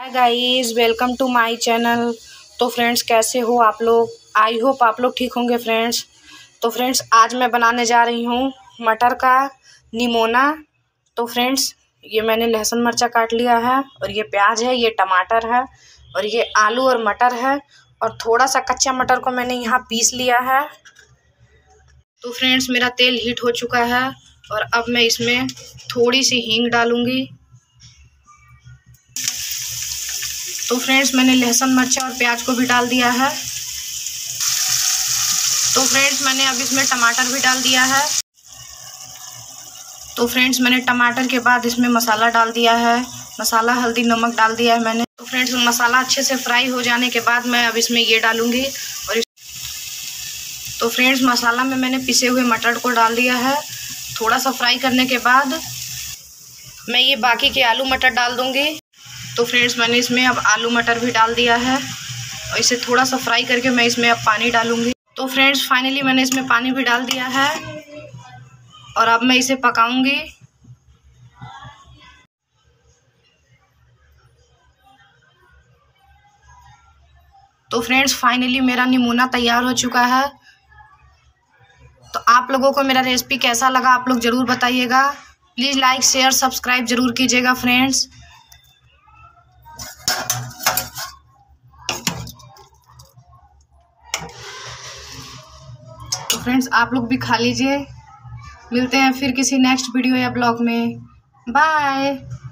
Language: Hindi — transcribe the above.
hi guys welcome to my channel तो फ्रेंड्स कैसे हो आप लोग आई होप आप लोग ठीक होंगे फ्रेंड्स तो फ्रेंड्स आज मैं बनाने जा रही हूँ मटर का निमोना तो फ्रेंड्स ये मैंने लहसुन मिर्चा काट लिया है और ये प्याज है ये टमाटर है और ये आलू और मटर है और थोड़ा सा कच्चा मटर को मैंने यहाँ पीस लिया है तो फ्रेंड्स मेरा तेल हीट हो चुका है और अब मैं इसमें थोड़ी सी हींग डालूँगी तो फ्रेंड्स मैंने लहसुन मिर्चा और प्याज को भी डाल दिया है तो फ्रेंड्स मैंने अब इसमें टमाटर भी डाल दिया है तो फ्रेंड्स मैंने टमाटर के बाद इसमें मसाला डाल दिया है मसाला हल्दी नमक डाल दिया है मैंने तो फ्रेंड्स मसाला अच्छे से फ्राई हो जाने के बाद मैं अब इसमें ये डालूंगी और तो फ्रेंड्स मसाला में मैंने पिसे हुए मटर को डाल दिया है थोड़ा सा फ्राई करने के बाद मैं ये बाकी के आलू मटर डाल दूँगी तो फ्रेंड्स मैंने इसमें अब आलू मटर भी डाल दिया है और इसे थोड़ा सा फ्राई करके मैं इसमें अब पानी डालूंगी तो फ्रेंड्स फाइनली मैंने इसमें पानी भी डाल दिया है और अब मैं इसे पकाऊंगी तो फ्रेंड्स फाइनली मेरा निमोना तैयार हो चुका है तो आप लोगों को मेरा रेसिपी कैसा लगा आप लोग ज़रूर बताइएगा प्लीज़ लाइक शेयर सब्सक्राइब ज़रूर कीजिएगा फ्रेंड्स फ्रेंड्स तो आप लोग भी खा लीजिए मिलते हैं फिर किसी नेक्स्ट वीडियो या ब्लॉग में बाय